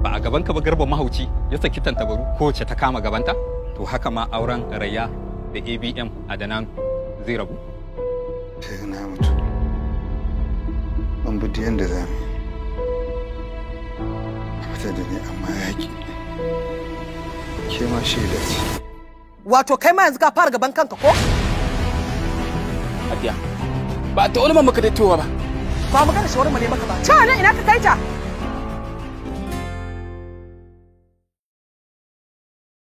ba a gaban ka ba garba mahauci ya saki tantabaru ce ta kama gabanta to haka ma auren rayya da abm adanan zai rabu sai na mutu ban bi da yadda za fita da ni amma yaƙi ke ma shaida ce wato kai ma yanzu ka fara gaban kanka ko Adiya, ba ta wani maka da ba. Ba gane shawarar ne maka ba. ne ina ka kai ta?